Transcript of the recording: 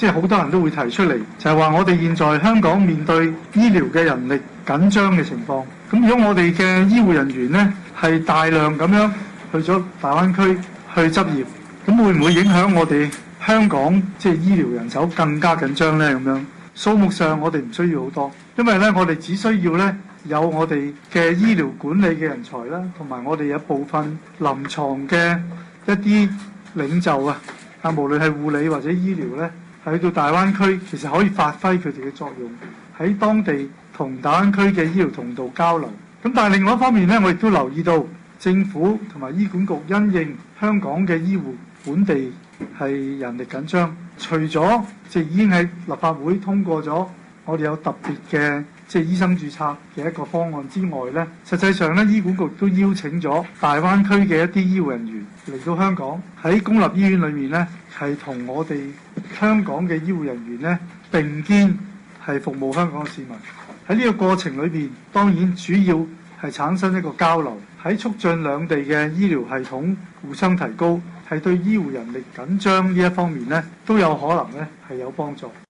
即係好多人都會提出嚟，就係話我哋現在香港面對醫療嘅人力緊張嘅情況，咁如果我哋嘅醫護人員咧係大量咁樣去咗大灣區去執業，咁會唔會影響我哋香港即係醫療人手更加緊張咧？咁樣數目，上我哋唔需要好多，因為咧我哋只需要咧有我哋嘅醫療管理嘅人才啦，同埋我哋有部分臨床嘅一啲領袖啊，啊無論係護理或者醫療咧。喺到大灣區其實可以發揮佢哋嘅作用，喺當地同大灣區嘅醫療同道交流。咁但係另外一方面呢，我亦都留意到政府同埋醫管局因應香港嘅醫護本地係人力緊張，除咗即係已經喺立法會通過咗我哋有特別嘅即係醫生註冊嘅一個方案之外呢，實際上呢，醫管局都邀請咗大灣區嘅一啲醫護人員嚟到香港喺公立醫院裏面呢。係同我哋香港嘅醫護人員呢並肩，係服務香港市民。喺呢個過程裏面，當然主要係產生一個交流，喺促進兩地嘅醫療系統互相提高，係對醫護人力緊張呢一方面呢，都有可能呢係有幫助。